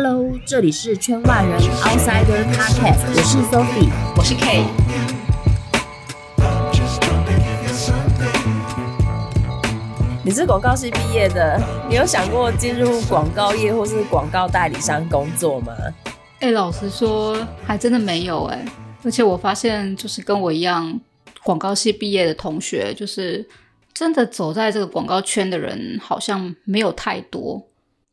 Hello，這裡是圈外人 Outsider Podcast，我是 Sophie，我是 Kay。你是廣告系畢業的，你有想過進入廣告業或是廣告代理商工作嗎？哎、欸，老實說，還真的沒有哎、欸。而且我發現，就是跟我一樣廣告系畢業的同學，就是真的走在這個廣告圈的人，好像沒有太多。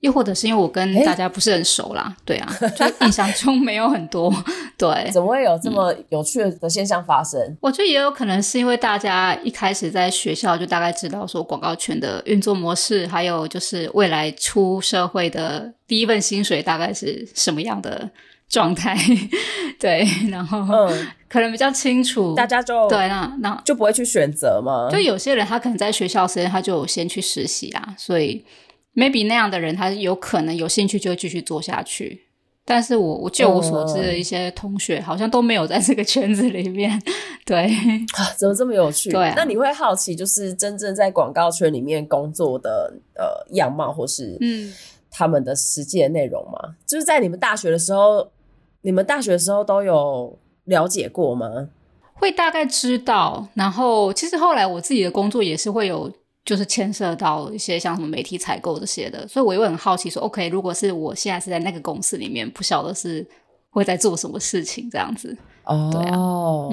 又或者是因為我跟大家不是很熟啦，欸、對啊，就印象中沒有很多， 對，怎麼會有這麼有趣的現象發生？嗯，我覺得也有可能是因為大家一開始在學校就大概知道說廣告圈的運作模式，還有就是未來出社會的第一份薪水大概是什麼樣的狀態，對，然後可能比較清楚，大家就對，那那就不會去選擇嘛。就有些人他可能在學校時間他就先去實習啊，所以。maybe 那樣的人，他有可能有興趣就繼續做下去。但是我我據我所知的一些同學，好像都沒有在這個圈子裡面。對啊，怎麼這麼有趣？對、啊，那你會好奇，就是真正在廣告圈裡面工作的呃樣貌，或是嗯他們的實際的內容嗎？嗯、就是在你們大學的時候，你們大學的時候都有了解過嗎？會大概知道。然後其實後來我自己的工作也是會有。就是牽涉到一些像什麼媒體採購這些的，所以我又很好奇說，OK，如果是我現在是在那個公司裡面，不曉得是會在做什麼事情這樣子。哦，對啊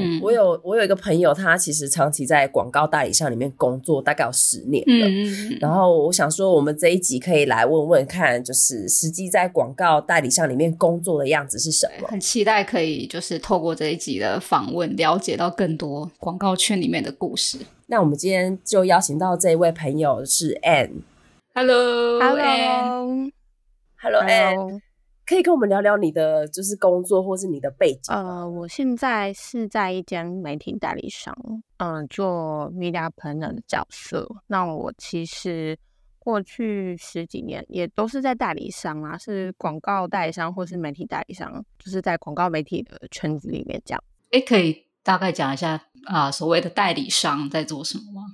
嗯、我有我有一個朋友，他其實長期在廣告代理商裡面工作，大概有十年了。嗯、然後我想說，我們這一集可以來問問看，就是實際在廣告代理商裡面工作的樣子是什麼？很期待可以就是透過這一集的訪問，了解到更多廣告圈裡面的故事。那我們今天就邀請到這位朋友是 Ann。Hello，Hello，Hello Hello, Ann，Hello, Hello. Ann 可以跟我們聊聊你的就是工作或是你的背景。呃，我現在是在一間媒體代理商，嗯，做 Media Planner 的角色。那我其實過去十幾年也都是在代理商啊，是廣告代理商或是媒體代理商，就是在廣告媒體的圈子裡面。這樣，哎，可以大概講一下。啊、呃，所謂的代理商在做什麼嗎？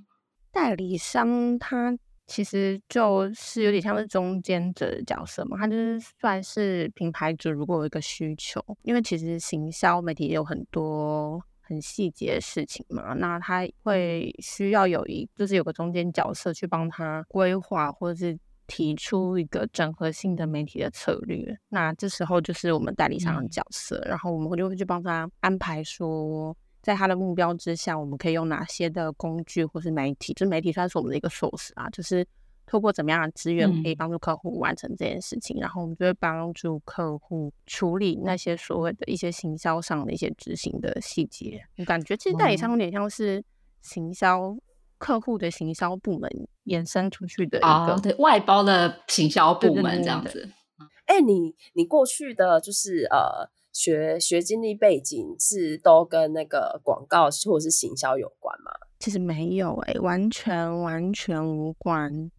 代理商他其實就是有點像是中間者的角色嘛，他就是算是品牌主如果有一個需求，因為其實行銷媒體也有很多很細節的事情嘛，那他會需要有一就是有個中間角色去幫他規劃或者是提出一個整合性的媒體的策略，那這時候就是我們代理商的角色，嗯、然後我們就會去幫他安排說。在他的目標之下，我們可以用哪些的工具或是媒體？就是、媒體算是我們的一個 source 啊，就是透過怎麼樣的資源可以幫助客戶完成這件事情，嗯、然後我們就會幫助客戶處理那些所謂的一些行銷上的一些執行的細節。我感覺其實代理商有點像是行銷客戶的行銷部門延伸出去的一個、嗯哦、外包的行銷部門這樣子。哎、嗯欸，你你過去的就是呃。學學經歷背景是都跟那個廣告或是行銷有關嗎？其實沒有哎，完全完全無關。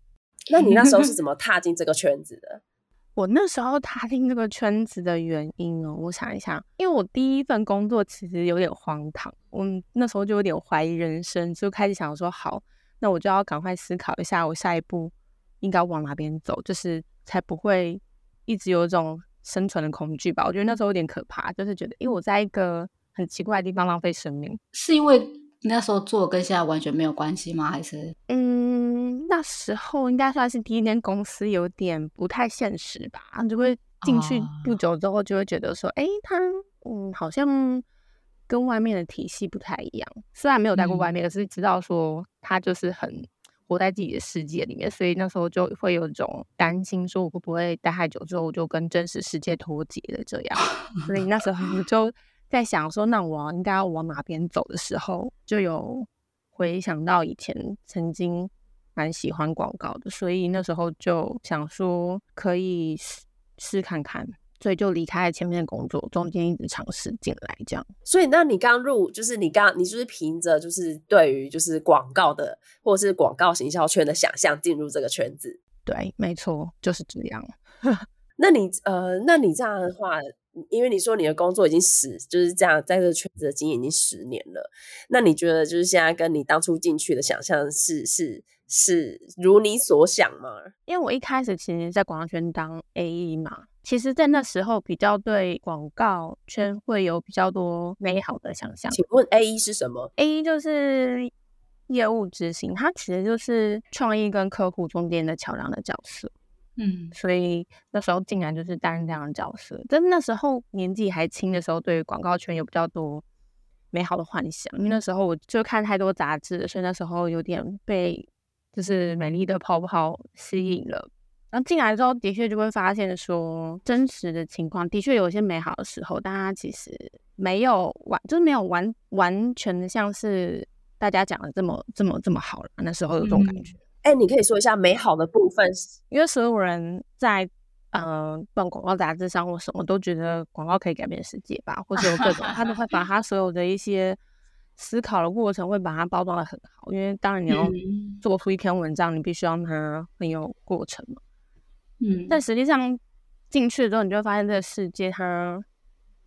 那你那時候是怎麼踏進這個圈子的？ 我那時候踏進這個圈子的原因哦，我想一想，因為我第一份工作其實有點荒唐，我那時候就有點懷疑人生，就開始想說，好，那我就要趕快思考一下，我下一步應該往哪邊走，就是才不會一直有這種。生存的恐懼吧，我覺得那時候有點可怕，就是覺得，因、欸、為我在一個很奇怪的地方浪費生命，是因為那時候做跟現在完全沒有關係嗎？還是，嗯，那時候應該算是第一間公司，有點不太現實吧，就會進去不久之後就會覺得說，誒、哦，他、欸、嗯好像跟外面的體系不太一樣，雖然沒有待過外面，可、嗯、是知道說他就是很。活在自己的世界裡面，所以那時候就會有種擔心，說我會不會待太久之後我就跟真實世界脫節了這樣。所以那時候我就在想說，說那我應該要往哪邊走的時候，就有回想到以前曾經蠻喜歡廣告的，所以那時候就想說可以試看看。所以就離開了前面的工作，中間一直嘗試進來這樣。所以，那你剛入就是你剛你就是憑着就是對於就是廣告的或者是廣告行銷圈的想象進入這個圈子。對，沒錯，就是這樣。 那你呃，那你這樣的話，因為你說你的工作已經十就是這樣在這個圈子的經驗已經十年了，那你覺得就是現在跟你當初進去的想象是是是如你所想嗎？因為我一開始其實，在廣告圈當 AE 嘛。其實，在那時候比較對廣告圈會有比較多美好的想象。請問 AE 是什麼？AE 就是業務執行，它其實就是創意跟客戶中間的橋樑的角色。嗯，所以那時候竟然就是擔任這樣的角色。但那時候年紀還輕的時候，對於廣告圈有比較多美好的幻想，因為那時候我就看太多雜誌，所以那時候有點被就是美麗的泡泡吸引了。然後進來之後，的確就會發現說，真實的情況的確有一些美好的時候，大家其實沒有完，就是沒有完完全的像是大家講的這麼這麼這麼好了。那時候有這種感覺。哎、嗯，欸，你可以說一下美好的部分，因為所有人在嗯辦、呃、廣告雜誌上或什麼都覺得廣告可以改變世界吧，或者有各種， 他都會把他所有的一些思考的過程會把它包裝的很好。因為當然你要做出一篇文章，嗯、你必須讓它很有過程嘛。嗯，但實際上進去的時候，你就會發現這個世界它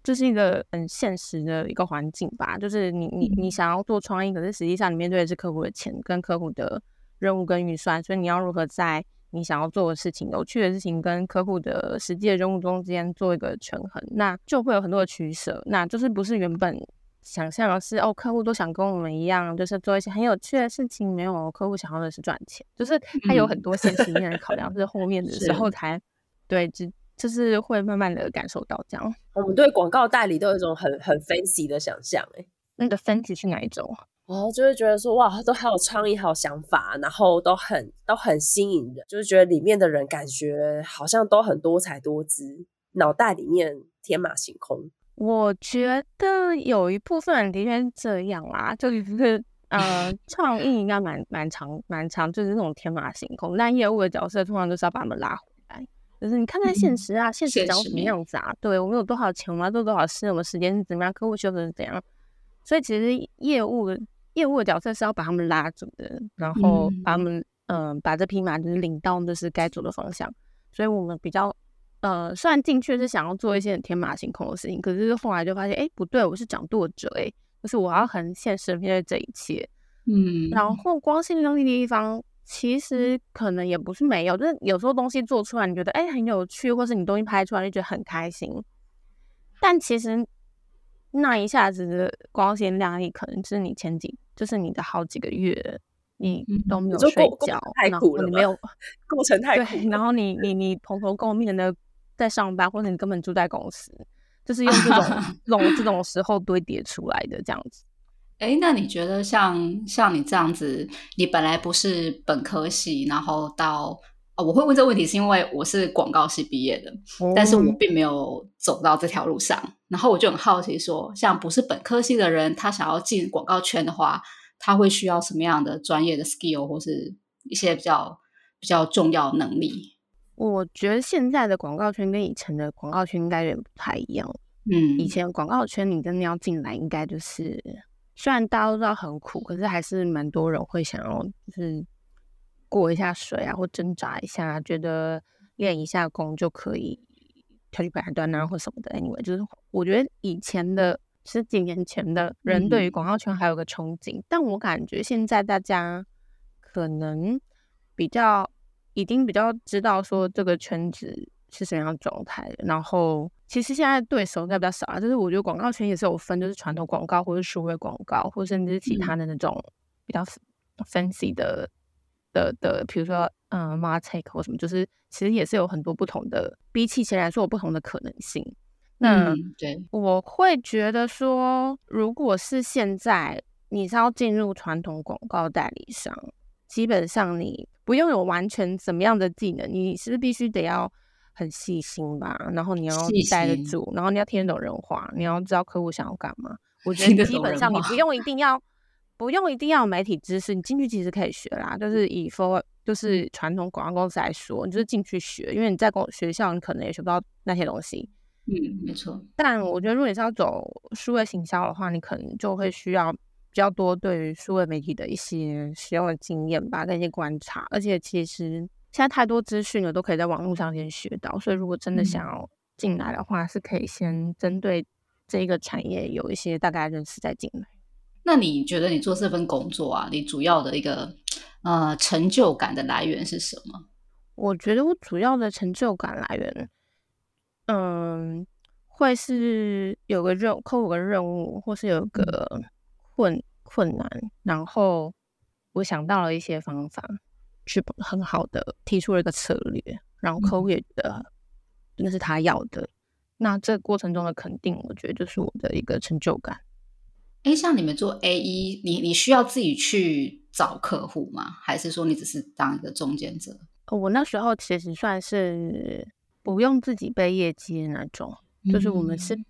就是一個很現實的一個環境吧。就是你你你想要做創意，可是實際上你面對的是客戶的錢、跟客戶的任務跟預算，所以你要如何在你想要做的事情、有趣的事情跟客戶的實際的任務中間做一個權衡，那就會有很多的取捨。那就是不是原本。想象的是哦，客戶都想跟我們一樣，就是做一些很有趣的事情。沒有客戶想要的是賺錢，就是他有很多現實面的考量，嗯、 是後面的時候才是對，就就是會慢慢的感受到這樣。我們對廣告代理都有一種很很 fancy 的想象、欸，哎，那個 fancy 是哪一種哦，就會覺得說哇，都很有創意、好想法，然後都很都很新穎的，就是覺得裡面的人感覺好像都很多才多姿，腦袋裡面天馬行空。我覺得有一部分的確是這樣啦、啊，就是呃，創 意應該蠻蠻長蠻長，就是那種天馬行空。但業務的角色通常都是要把他們拉回來，就是你看看現實啊，嗯、現實長什麼樣子啊？確實 對我們有多少錢？我們要做多少事，我們時間是怎麼樣？客戶需求是怎樣？所以其實業務業務的角色是要把他們拉住的，然後把他們嗯、呃、把這匹馬就是領到就是該走的方向。所以我們比較。呃，雖然進去是想要做一些很天馬行空的事情，可是後來就發現，哎、欸，不對，我是掌舵者、欸，哎，就是我要很現實的面對這一切。嗯，然後光鮮亮麗的地方，其實可能也不是沒有，就是有時候東西做出來，你覺得哎、欸、很有趣，或是你東西拍出來就覺得很開心，但其實那一下子的光鮮亮麗，可能是你前幾，就是你的好幾個月，你都沒有睡覺，太苦了，沒有過程太苦，對，然後你你你蓬頭垢面的。在上班，或者你根本住在公司，就是用這種 這種時候堆疊出來的這樣子。哎、欸，那你覺得像像你這樣子，你本來不是本科系，然後到……哦、我會問這問題是因為我是廣告系畢業的，嗯、但是我並沒有走到這條路上。然後我就很好奇說，說像不是本科系的人，他想要進廣告圈的話，他會需要什麼樣的專業的 skill，或是一些比較比較重要能力？我覺得現在的廣告圈跟以前的廣告圈應該有點不太一樣。嗯，以前廣告圈你真的要進來，應該就是雖然大家都知道很苦，可是還是蠻多人會想要就是過一下水啊，或掙扎一下，覺得練一下功就可以跳去平台端，吶或什麼的 any。Anyway，就是我覺得以前的十幾年前的人對於廣告圈還有個憧憬，嗯、但我感覺現在大家可能比較。已經比較知道說這個圈子是什麼樣的狀態，然後其實現在對手應該比較少啊。就是我覺得廣告圈也是有分，就是傳統廣告，或是數位廣告，或甚至是其他的那種比較 fancy 的、嗯、的的，比如說嗯，matic、嗯、嗎或什麼，就是其實也是有很多不同的，比起以前來說有不同的可能性。那、嗯、對，我會覺得說，如果是現在你是要進入傳統廣告代理商，基本上你。不用有完全怎麼樣的技能，你是不是必須得要很細心吧？然後你要待得住，心然後你要聽得懂人話，你要知道客戶想要幹嘛。我覺得基本上你不用一定要，不用一定要媒體知識，你進去其實可以學啦。就是以 for 就是傳統廣告公司來說，你就是進去學，因為你在公學校你可能也學不到那些東西。嗯，沒錯。但我覺得如果你是要走數位行銷的話，你可能就會需要比較多對於數位媒體、的一些使用的經驗吧，再一些觀察。而且其實現在太多資訊了，都可以在網絡上先學到。所以如果真的想要進來的話，嗯、是可以先針對這個產業有一些大概認識再進來。那你覺得你做這份工作啊，你主要的一個呃成就感的來源是什麼？我覺得我主要的成就感來源，嗯，會是有個任，扣個任務，或是有個。嗯困困難，然後我想到了一些方法，去很好的提出了一個策略，然後客戶也覺得那是他要的。嗯、那這過程中的肯定，我覺得就是我的一個成就感。誒，像你們做 AE，你你需要自己去找客戶嗎？還是說你只是當一個中間者？我那時候其實算是不用自己背業績的那種，就是我們是、嗯。嗯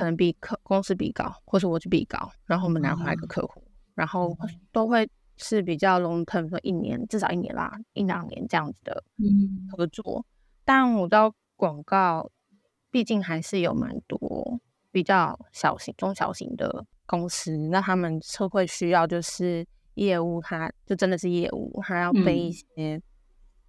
可能比客公司比高，或是我去比高，然後我們拿回來一個客戶，啊、然後都會是比較 long term，的說一年至少一年啦，一兩年這樣子的合作。嗯、但我知道廣告，畢竟還是有蠻多比較小型、中小型的公司，那他們社會需要，就是業務它，他就真的是業務，他要背一些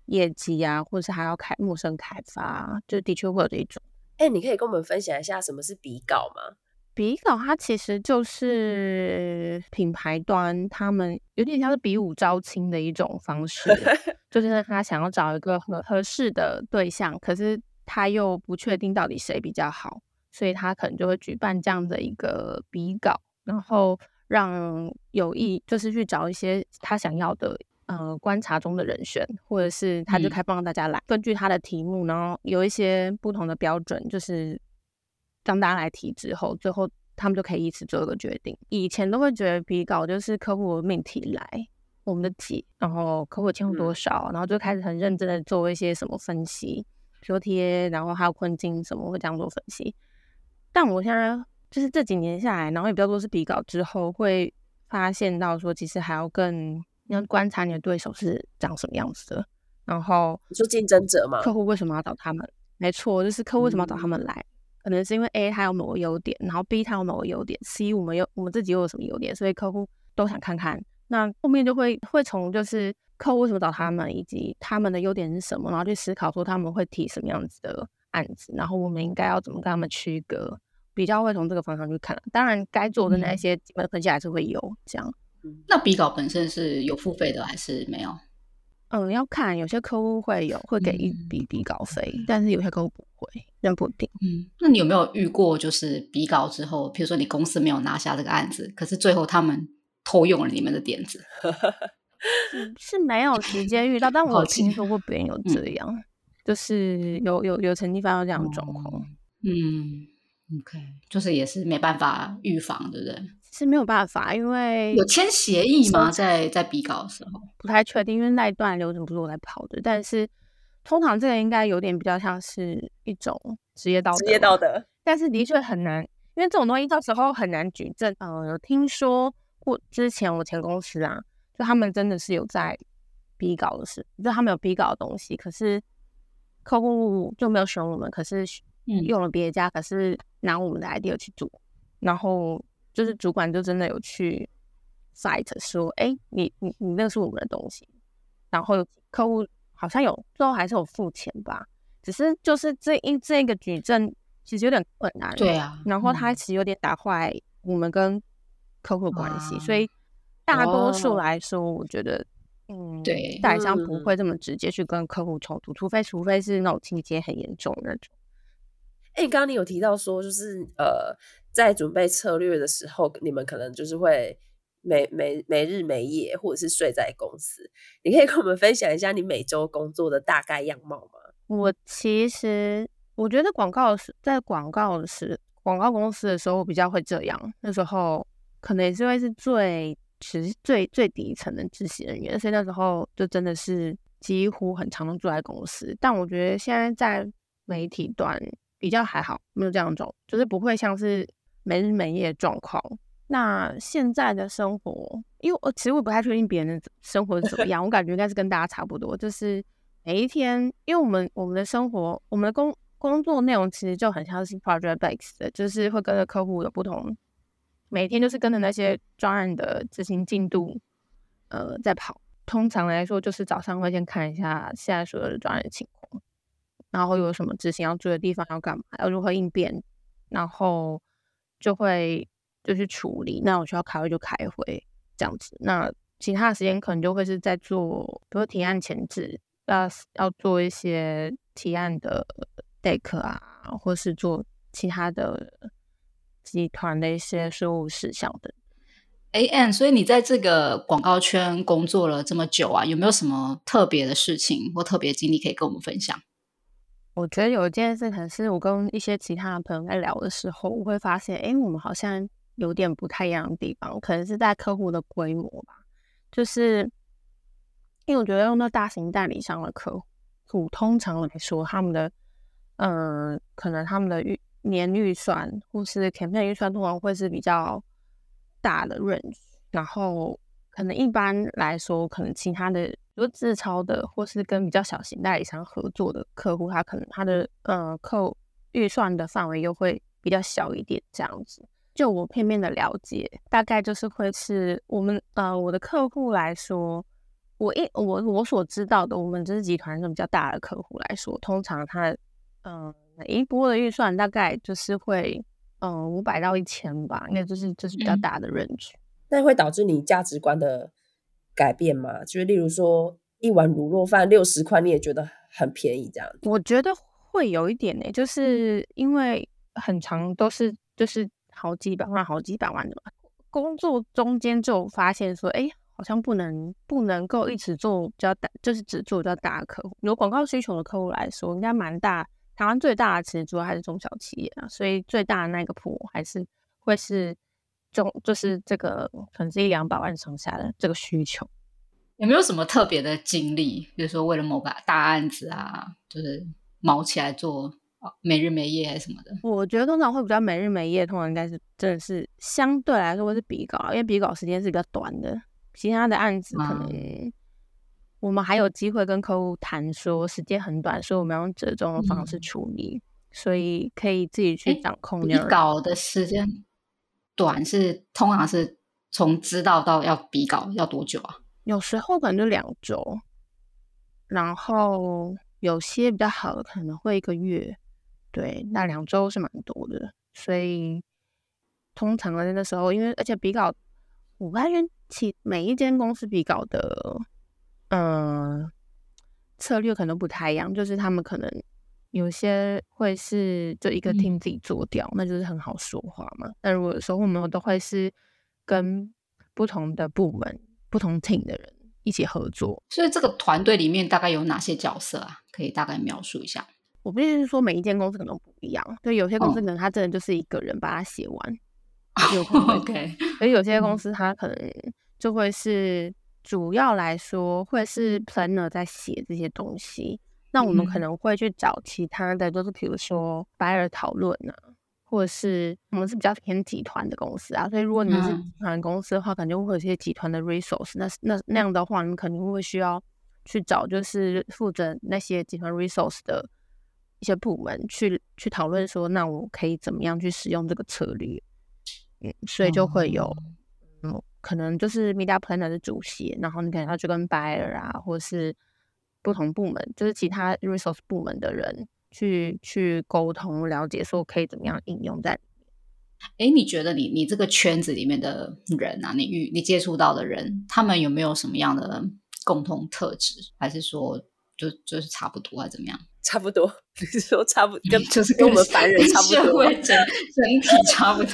業績啊，嗯、或者是還要開陌生開發，就的確會有這種。哎，你可以跟我們分享一下什麼是比稿嗎？比稿它其實就是品牌端，他們有點像是比武招親的一種方式， 就是他想要找一個合合適的對象，可是他又不確定到底誰比較好，所以他可能就會舉辦這樣的一個比稿，然後讓有意就是去找一些他想要的。呃，觀察中的人選，或者是他就開放大家來、嗯、根據他的題目，然後有一些不同的標準，就是當大家來提之後，最後他們就可以一起做一個決定。以前都會覺得比稿就是客戶的命題來我們的題，然後客戶簽多少，嗯、然後就開始很認真的做一些什麼分析、說帖，然後還有困境什麼會這樣做分析。但我現在就是這幾年下來，然後也比較多是比稿之後會發現到說，其實還要更。你要觀察你的對手是長什麼樣子的，然後你說競爭者嘛，客戶為什麼要找他們？沒錯，就是客戶為什麼要找他們來？嗯、可能是因為 A 他有某個優點，然後 B 他有某個優點，C 我們有我們自己又有什麼優點？所以客戶都想看看。那後面就會會從就是客戶為什麼找他們，以及他們的優點是什麼，然後去思考說他們會提什麼樣子的案子，然後我們應該要怎麼跟他們區隔？比較會從這個方向去看。當然，該做的那一些，基本分析還是會有、嗯、這樣。那比稿本身是有付費的還是沒有？嗯，要看，有些客戶會有，會給一筆比稿費，嗯、但是有些客戶不會，認不定。嗯，那你有沒有遇過就是比稿之後，比如說你公司沒有拿下這個案子，可是最後他們偷用了你們的點子？嗯， 是沒有直接遇到，但我有聽說過別人有這樣，嗯、就是有有有曾經發生這樣的狀況。嗯。OK，就是也是沒辦法預防的，對不對？是沒有辦法，因為有簽協議嗎？是在在比稿的時候不太確定，因為那一段流程不是我在跑的。但是通常這個應該有點比較像是一種職業道德，職業道德。但是的確很難，因為這種東西到時候很難舉證。嗯、呃，有聽說過之前我前公司啊，就他們真的是有在比稿的事，就他們有比稿的東西，可是客戶就沒有選我們，可是。用了別家，嗯、可是拿我們的 idea 去做，然後就是主管就真的有去 fight 說，哎、欸，你你你那是我們的東西，然後客戶好像有最後還是有付錢吧，只是就是這一這個舉證其實有點困難，對啊，欸嗯、然後他其實有點打壞我們跟客戶關係，啊、所以大多數來說，哦、我覺得嗯，對代理商不會這麼直接去跟客戶衝突，嗯、除非除非是那種情節很嚴重那種。哎、欸，剛剛你有提到說，就是呃，在準備策略的時候，你們可能就是會沒沒沒日沒夜，或者是睡在公司。你可以跟我們分享一下你每周工作的大概樣貌嗎？我其實我覺得廣告是在廣告時廣告公司的時候，我比較會這樣。那時候可能也是會是最其實最最底層的執行人員，所以那時候就真的是幾乎很常都住在公司。但我覺得現在在媒體端。比較還好，沒有這樣子，就是不會像是沒日沒夜的狀況。那現在的生活，因為我其實我不太確定別人的生活是怎麼樣， 我感覺應該是跟大家差不多，就是每一天，因為我們我們的生活，我們的工工作內容其實就很像是 project based 的，就是會跟着客戶有不同，每天就是跟着那些專案的執行進度，呃，在跑。通常來說，就是早上會先看一下現在所有的專案情況。然後有什麼執行要做的地方要幹嘛要如何應變，然後就會就去處理。那我需要開會就開會，這樣子。那其他的時間可能就會是在做，比如說提案前置啊，要做一些提案的 deck 啊，或是做其他的集團的一些事務事項的。Ann 所以你在這個廣告圈工作了這麼久啊，有沒有什麼特別的事情或特別的經歷可以跟我們分享？我覺得有一件事，可能是我跟一些其他的朋友在聊的時候，我會發現，誒、欸，我們好像有點不太一樣的地方，可能是在客戶的規模吧。就是，因為我覺得用到大型代理商的客戶，普通常來說，他們的，嗯、呃，可能他們的預年預算或是 campaign 預算通常會是比較大的 range，然後可能一般來說，可能其他的。比如果自超的，或是跟比較小型代理商合作的客戶，他可能他的呃扣預算的範圍又會比較小一點。這樣子，就我片面的了解，大概就是會是我們呃我的客戶來說，我一我我所知道的，我們這是集團是比較大的客戶來說，通常他嗯每、呃、一波的預算大概就是會嗯五百到一千吧，應該就是就是比較大的 range、嗯、那會導致你價值觀的。改變嘛，就是例如說，一碗滷肉飯六十塊，塊你也覺得很便宜，這樣子。我覺得會有一點呢、欸，就是因為很常都是就是好幾百萬、好幾百萬的嘛。工作中間就發現說，哎、欸，好像不能不能夠一直做比較大，就是只做比較大的客戶，有廣告需求的客戶來說，應該蠻大。台灣最大的其實主要還是中小企業啊，所以最大的那個 pool 還是會是，就就是這個可能是一兩百萬，剩下的這個需求。有沒有什麼特別的經歷？比如說為了某個大案子啊，就是卯起來做，沒、哦、日沒夜還是什麼的？我覺得通常會比較沒日沒夜，通常應該是真的是相對來說會是比稿，因為比稿時間是比較短的，其他的案子可能我們還有機會跟客戶談說、嗯、時間很短，所以我們要用折中的方式處理，嗯、所以可以自己去掌控比誒稿的時間。短是通常是從知道到要比稿要多久啊？有時候可能就兩周，然後有些比較好的可能會一個月。對，那兩周是蠻多的，所以通常的那時候，因為而且比稿我發現其每一間公司比稿的嗯、呃、策略可能不太一樣，就是他們可能。有些會是就一個 team 自己做掉，嗯、那就是很好說話嘛。那如果說我們都會是跟不同的部門、不同 team 的人一起合作，所以這個團隊裡面大概有哪些角色啊？可以大概描述一下？我必須說每一間公司可能都不一樣，對，有些公司可能他真的就是一個人把它寫完，有 OK，而有些公司他可能就會是主要來說會是 planner 在寫這些東西。那我們可能會去找其他的，就、嗯、是比如說 buyer 討論啊，或者是我們是比較偏集團的公司啊。所以，如果你們是集團公司的話，肯定、嗯、會有一些集團的 resource。那那那樣的話，你們肯定會需要去找，就是負責那些集團 resource 的一些部門去去討論說，那我可以怎麼樣去使用這個策略。嗯，所以就會有，嗯，可能就是 media planner 的主席，然後你可能要去跟 buyer 啊，或者是。不同部門，就是其他 resource 部門的人去去溝通了解，說可以怎麼樣應用在。哎、欸，你覺得你你這個圈子裡面的人啊，你遇你接觸到的人，他們有沒有什麼樣的共同特質？還是說就就是差不多，還是怎麼樣？差不多，說差不多，跟 就是跟我們凡人差不多，整，整體差不多，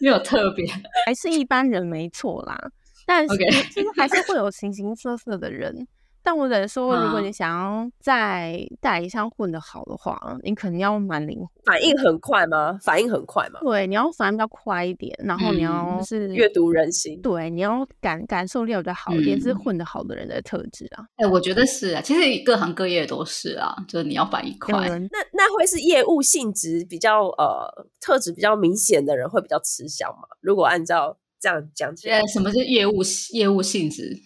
沒有特別，還是一般人沒錯啦。但是 Okay. 其實還是會有形形色色的人。但我只能說，如果你想要在代理商混得好的話，啊、你可能要蠻靈活，反應很快嗎？反應很快嘛？對，你要反應比較快一點，然後、嗯、你要、就是閱讀人心，對，你要感感受力比較好一點，嗯、也是混得好的人的特質啊、欸。我覺得是、啊，其實各行各業都是啊，就是你要反應快。嗯、那那會是業務性質比較呃特質比較明顯的人會比較吃香嗎？如果按照這樣講起來，呃，什麼是業務業務性質？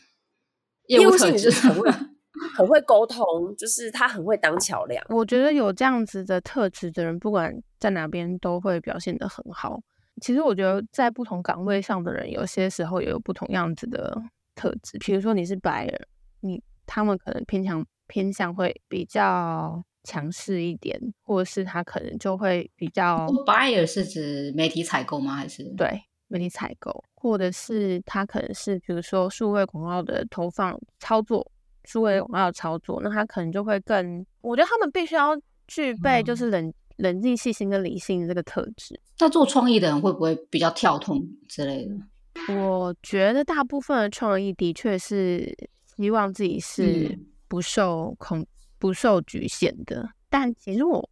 業務性你是，是很會 很會溝通，就是他很會當橋樑。 我覺得有這樣子的特質的人，不管在哪邊都會表現得很好。其實我覺得在不同崗位上的人，有些時候也有不同樣子的特質。比如說你是 buyer，你他們可能偏向偏向會比較強勢一點，或者是他可能就會比較。buyer 是指媒體採購嗎？還是？對。媒體採購，或者是他可能是，比如說數位廣告的投放操作，數位廣告的操作，那他可能就會更。我覺得他們必須要具備就是冷、嗯、冷靜、細心跟理性的這個特質。在做創意的人會不會比較跳痛之類的？我覺得大部分的創意的確是希望自己是不受恐、不受局限的，嗯、但其實我。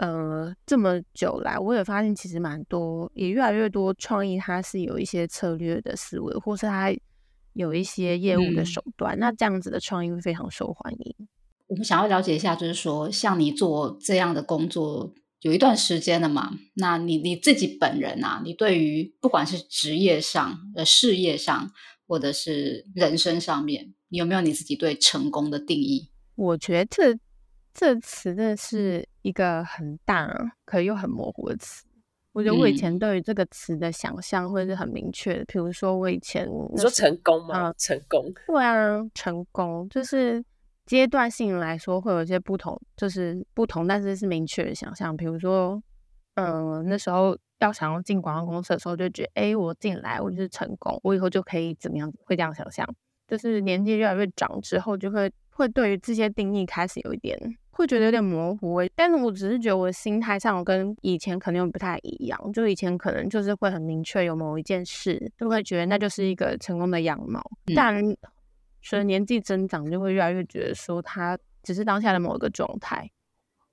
呃，這麼久來，我也發現其實蠻多，也越來越多創意，它是有一些策略的思維，或是它有一些業務的手段。嗯。那這樣子的創意會非常受歡迎。我們想要了解一下，就是說，像你做這樣的工作有一段時間了嘛？那你你自己本人啊，你對於不管是職業上的、事業上，或者是人生上面，你有沒有你自己對成功的定義？我覺得。這詞真的是一個很大、啊，可又很模糊的詞。我覺得我以前對於這個詞的想象會是很明確的，比、嗯、如說，我以前你說成功嗎？嗯、功啊，成功。對啊，成功就是階段性來說會有一些不同，就是不同，但是是明確的想象比如說，嗯，那時候要想要進廣告公司的時候，就覺得，哎、欸，我進來我就是成功，我以後就可以怎麼樣，會這樣想象就是年紀越來越長之後，就會會對於這些定義開始有一點。會覺得有點模糊耶，但是我只是覺得我心態上我跟以前可能又不太一樣，就以前可能就是會很明確有某一件事，就會覺得那就是一個成功的樣貌，嗯、但隨着年紀增長，就會越來越覺得說它只是當下的某一個狀態，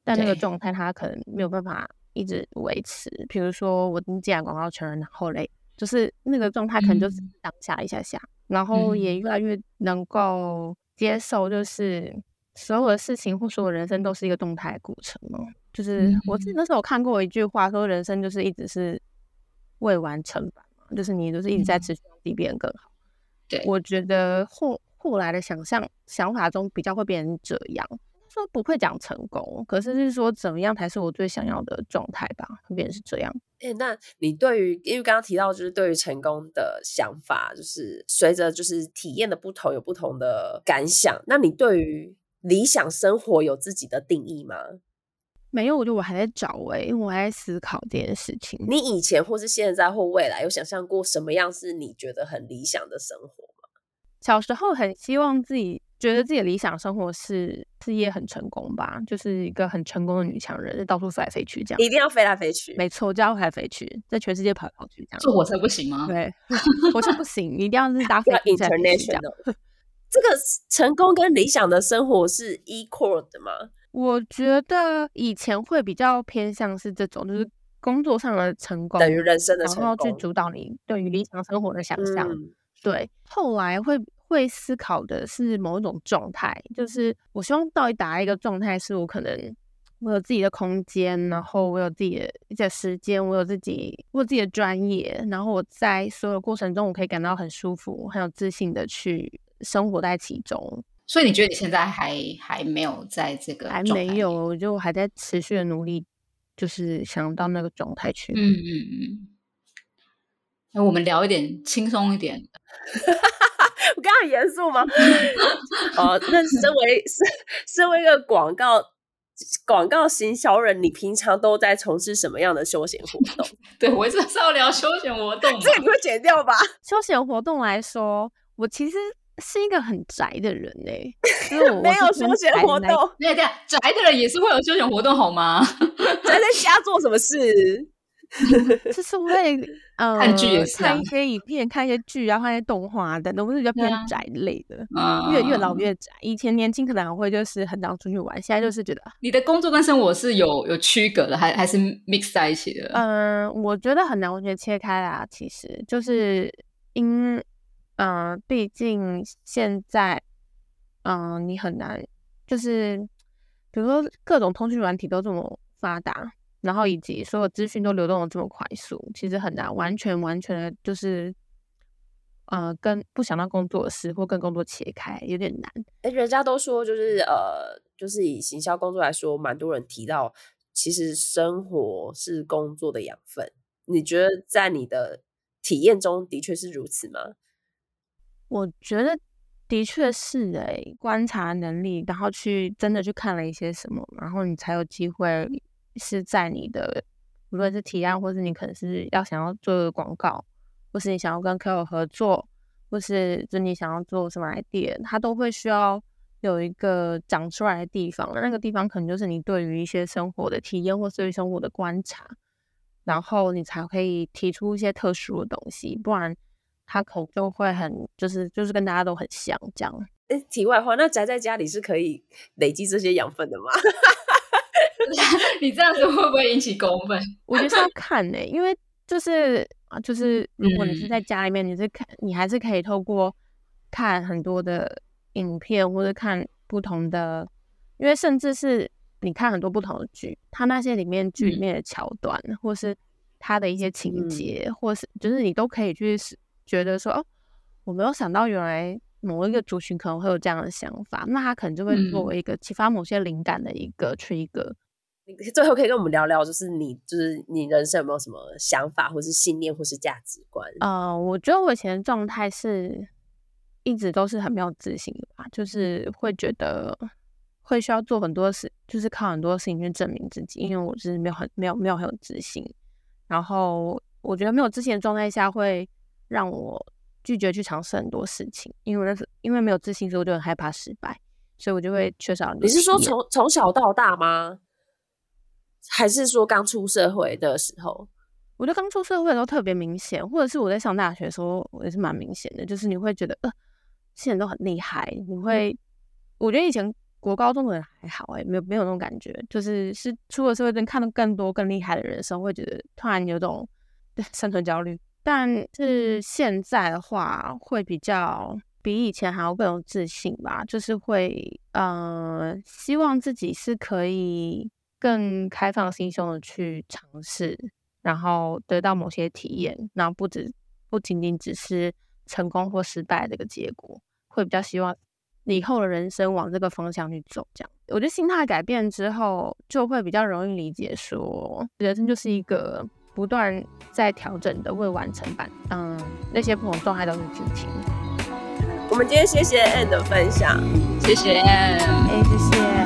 但那個狀態它可能沒有辦法一直維持。對比如說我接完廣告，全然然後咧就是那個狀態可能就是當下一下下，嗯、然後也越來越能夠接受，就是。所有的事情或所有人生都是一個動態過程哦，就是、嗯、哼我自己那時候看過一句話，說人生就是一直是未完成，就是你就是一直在持續地變更好。對、嗯哼，我覺得後後來的想象想法中比較會變成這樣，說不會講成功，可是是說怎麼樣才是我最想要的狀態吧，會變成是這樣。誒、欸，那你對於因為剛剛提到就是對於成功的想法，就是隨着就是體驗的不同有不同的感想，那你對於理想生活有自己的定義嗎？沒有，我覺得我還在找哎、欸，因為我還在思考這件事情。你以前或是現在或未來有想象過什麼樣是你覺得很理想的生活嗎？小時候很希望自己，覺得自己的理想生活是事業很成功吧，就是一個很成功的女強人，到處飛來飛去這樣。一定要飛來飛去？沒錯，就要飛來飛去，在全世界跑來跑去這樣。坐火車不行嗎？對， 火車不行，一定要是搭飛機 international 才國際的。這個成功跟理想的生活是 equal 的嗎？我覺得以前會比較偏向是這種，就是工作上的成功等於人生的成功，然後去主導你對於理想生活的想象。嗯、對，後來會會思考的是某一種狀態，就是我希望到底達一個狀態，是我可能我有自己的空間，然後我有自己的一些時間，我有自己我有自己的專業，然後我在所有過程中，我可以感到很舒服，很有自信的去。生活在其中，所以你覺得你現在還還沒有在這個？還沒有，我就還在持續的努力，就是想到那個狀態去。嗯嗯嗯。那、嗯嗯、我們聊一點輕鬆一點。 我剛剛很嚴肅嗎？哦、 呃，那身為身身為一個廣告廣告行銷人，你平常都在從事什麼樣的休閒活動？ 對，我也是要聊休閒活動。 這個不會剪掉吧？休閒活動來說，我其實。是一個很宅的人嘞，欸，是是 沒有休閒活動來。宅的人也是會有休閒活動，好嗎？ 宅在瞎做什麼事？就是為嗯，呃、看劇也是，啊、看一些影片，看一些劇啊，看一些動畫的，啊，我們是比較偏宅類的。啊啊，越越老越宅，以前年輕可能會就是很常出去玩，現在就是覺得。你的工作跟生活是有有區隔的，還還是 mix 在一起的？嗯、呃，我覺得很難完全切開啊，其實就是因。嗯，畢竟現在，嗯，你很難，就是比如說各種通訊軟體都這麼發達，然後以及所有資訊都流動的這麼快速，其實很難完全完全的，就是，呃、嗯，跟不想到工作室或跟工作切開有點難。哎、欸，人家都說就是呃，就是以行銷工作來說，蠻多人提到，其實生活是工作的養分。你覺得在你的體驗中的確是如此嗎？我覺得的確是誒、欸，觀察能力，然後去真的去看了一些什麼，然後你才有機會是在你的，無論是提案，或是你可能是要想要做一個廣告，或是你想要跟客戶合作，或是就你想要做什麼 idea，它都會需要有一個長出來的地方，那個地方可能就是你對於一些生活的體驗或是對於生活的觀察，然後你才可以提出一些特殊的東西，不然。他口就會很，就是就是跟大家都很像這樣。誒，題外話，那宅在家裡是可以累積這些養分的嗎？你這樣子會不會引起公憤？我覺得是要看呢、欸，因為就是啊，就是如果你是在家裡面，嗯、你是看，你還是可以透過看很多的影片，或者看不同的，因為甚至是你看很多不同的劇，他那些裡面劇裡面的橋段，嗯、或是他的一些情節，嗯、或是就是你都可以去。覺得說哦，我沒有想到，原來某一個族群可能會有這樣的想法，那他可能就會作為一個啟發某些靈感的一個 trigger、嗯。你最後可以跟我們聊聊，就是你，就是你人生有沒有什麼想法，或是信念，或是價值觀？啊、呃，我覺得我以前的狀態是一直都是很沒有自信的吧，就是會覺得會需要做很多事，就是靠很多事情去證明自己，因為我是沒有很沒有沒有很有自信。然後我覺得沒有自信的狀態下會。讓我拒絕去嘗試很多事情，因為我那時因為沒有自信，所以我就很害怕失敗，所以我就會缺少。你是說從從小到大嗎？還是說剛出社會的時候？我覺得剛出社會的時候特別明顯，或者是我在上大學的時候，我也是蠻明顯的，就是你會覺得呃，現在都很厲害，你會、嗯、我覺得以前國高中的人還好誒、欸、沒有沒有那種感覺，就是是出了社會，能看到更多更厲害的人的時候，會覺得突然有種對生存焦慮。但是現在的話，會比較比以前還要更有自信吧，就是會，呃，希望自己是可以更開放心胸的去嘗試，然後得到某些體驗，那不止不僅僅只是成功或失敗的這個結果，會比較希望以後的人生往這個方向去走。這樣，我覺得心態改變之後，就會比較容易理解，說人生就是一個，不斷在調整的未完成版，嗯，那些不同狀態都是真情。我們今天謝謝 Ann 的分享，謝謝 Ann 謝謝。欸謝謝。